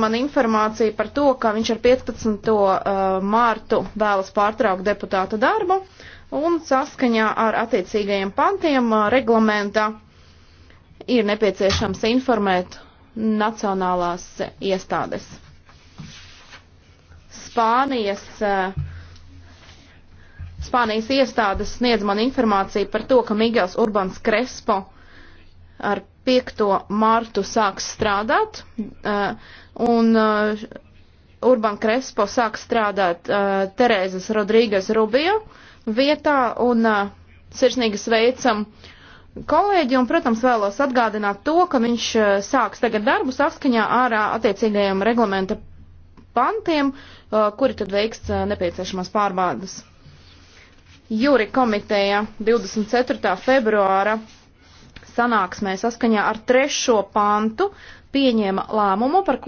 man informācija par to, ka viņš ar 15. Uh, mārtu vēlas pārtraukt deputāta darbu un saskaņā ar attiecīgajiem pantiem uh, reglamenta ir nepieciešams informēt nacionālās iestādes. Spānijas, uh, Spānijas iestādes sniedz man informāciju par to, ka Migels Urbans Krespo ar 5. martu sāks strādāt, uh, un uh, Urban Krespo sāks strādāt uh, Terēzes Rodrīgas Rubio vietā, un sirsnīgi sveicam kolēģi, un, protams, vēlos atgādināt to, ka viņš sāks tagad darbu saskaņā ar attiecīgajiem reglamenta pantiem, kuri tad veiks nepieciešamās pārbaudas. Jūri komiteja 24. februāra sanāksmē saskaņā ar trešo pantu pieņēma lēmumu, par ko